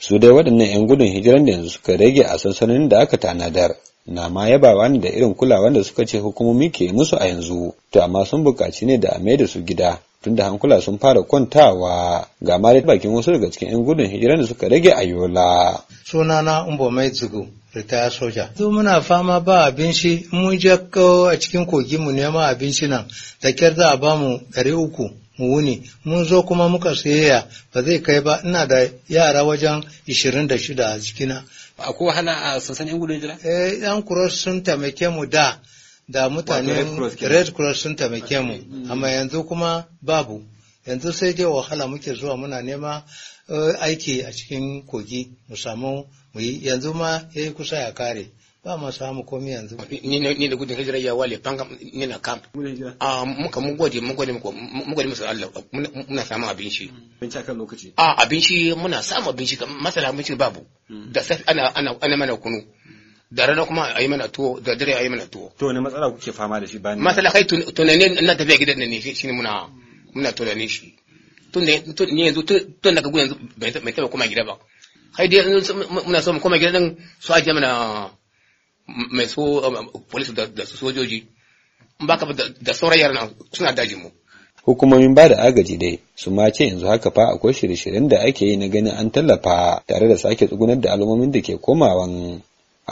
su dai waɗannan 'yan gudun hijiran da yanzu suka rage a sansanin da aka tanadar na ma yabawa ne da irin kulawan da suka ce hukumomi ke musu a yanzu to amma sun buƙaci ne da a mai da su gida tunda hankula sun fara kwantawa ga ma bakin wasu daga cikin 'yan gudun hijiran da suka rage a yola sunana umbo mai ritaya soja. Su muna fama ba abinci mun je a cikin kogi mu nema abinci nan da kyar za a ba mu ɗari uku mu wuni mun zo kuma muka sayayya ba zai kai ba ina da yara wajen ishirin da shida a jikina. Akwai wahala a yan gudun jira? Eh yan cross sun taimake mu da da mutanen red cross sun taimake mu mm. amma yanzu kuma babu yanzu sai dai wahala muke zuwa muna nema eh, aiki a cikin kogi mu samu mu yi yanzu ma ya yi kusa ya kare ba ma samu komi yanzu ni da gudun hijira ya wale fanga ni na kam a ah, muka mun gode mun gode mun gode musu Allah muna samun abin shi abinci akan lokaci a ah, abin shi muna samun abin shi masala abin shi babu hmm. da safi ana ana ana mana kunu da rana kuma a yi mana tuwo da dare a yi mana tuwo to ne matsala kuke fama da shi ba ni. matsala kai tunane na tafiya gidan ne shi ne muna muna tunane shi tun ne yanzu tun daga gudun yanzu bai taba kuma gida ba kai dai muna so mu koma gidan su ajiye mana mai so um, police da sojoji in baka da suna dajin mu hukumomin ba da agaji dai su ma ce yanzu haka fa akwai shirye-shiryen da ake yi na ganin an tallafa tare da sake tsugunar da al'ummomin da ke komawan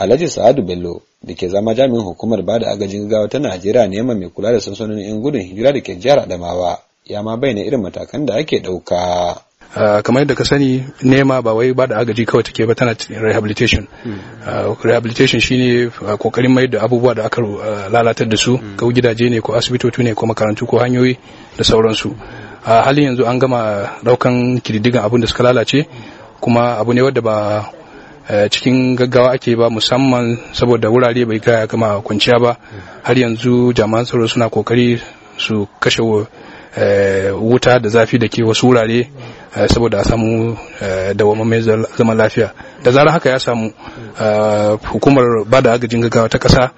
alhaji sa'adu bello da ke zama jami'in hukumar ba da agajin gaggawa ta najeriya neman mai kula da sansanonin 'yan gudun hijira da ke jihar adamawa ya ma bayyana irin matakan da ake ɗauka Uh, kamar yadda ka sani nema ba wai ba da agaji kawai take ba tana rehabilitation hmm. uh, rehabilitation shine uh, kokarin mai da abubuwa da aka lalatar da su hmm. ko gidaje ne ko asibitoci ne ko makarantu ko hanyoyi da sauransu a halin yanzu an gama daukan kididdigan abun da suka lalace kuma abu ne wadda ba cikin gaggawa ake ba musamman saboda wurare bai kaya kama kwanciya ba hmm. har yanzu jami'an tsaro suna kokari su kashe Eh, wuta da zafi da ke wasu wurare eh, saboda a samu eh, mai zaman lafiya da zarar haka ya samu hukumar ba da agajin gaggawa ta kasa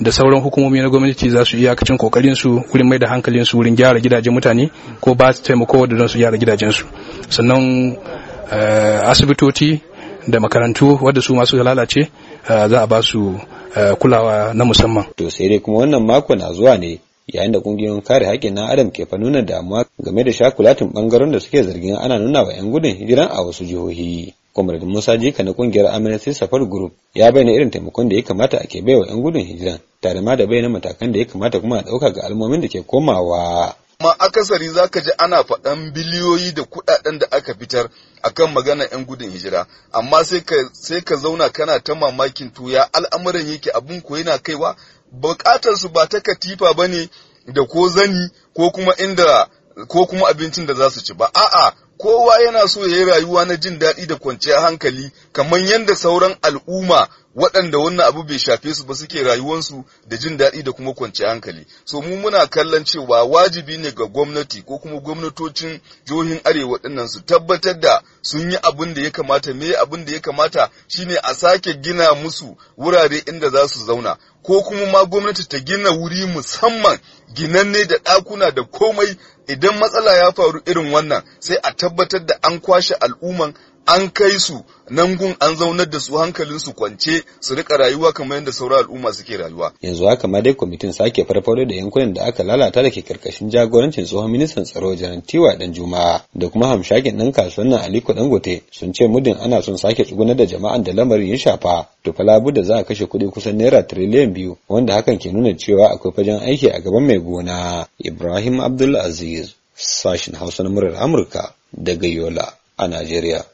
da sauran hukumomi na gwamnati za su iyakacin kokarin su wurin mai da hankalin su wurin gyara gidajen mutane ko ba su taimako da don su gyara gidajensu sannan asibitoci da makarantu wadda su masu lalace za a ba su kulawa na musamman to sai dai kuma wannan mako na zuwa ne yayin da kungiyoyin kare haƙƙin na adam ke nuna damuwa game da shakulatin ɓangaren da suke zargin ana nuna wa 'yan gudun hijiran a wasu jihohi Kwamrad musa jika na kungiyar amnesty safar group ya bayyana irin taimakon da ya kamata a ke bai wa 'yan gudun hijiran tare ma da bayyana matakan da ya kamata kuma a ɗauka ga almomin da ke komawa amma akasari zaka ji ana faɗan biliyoyi da kuɗaɗen da aka fitar a kan magana 'yan gudun hijira amma sai ka zauna kana ta mamakin tuya al'amuran yake abin ko yana kaiwa bukatar su ba ta katifa ba ne da ko zani ko kuma ko kuma abincin da za su ci ba a'a kowa yana so ya yi rayuwa na jin daɗi da kwanciyar hankali kamar yadda sauran al'umma waɗanda wannan abu bai shafe su ba suke rayuwarsu da jin daɗi da kuma kwanci hankali so mu muna kallon cewa wajibi ne ga gwamnati ko kuma gwamnatocin jihohin arewa ɗinnan su tabbatar da sun yi abin da ya kamata me abin da ya kamata shine a sake gina musu wurare inda za su zauna ko kuma ma gwamnati ta gina wuri musamman ginanne da ɗakuna da komai idan matsala ya faru irin wannan sai a tabbatar da an kwashe al'umman an kai su nan gun an zaunar da su hankalin su kwance su rika rayuwa kamar yadda sauran al'umma suke rayuwa yanzu haka ma dai kwamitin sake farfado da yankunan da aka lalata da ke karkashin jagorancin tsohon ministan tsaro jiran tiwa dan juma da kuma hamshakin dan kasuwan nan aliko dangote sun ce mudin ana son sake tsugunar da jama'an da lamarin ya shafa to fa da za a kashe kuɗi kusan naira tiriliyan biyu wanda hakan ke nuna cewa akwai fajen aiki a gaban mai gona ibrahim abdul aziz sashin hausa na murar amurka daga yola a najeriya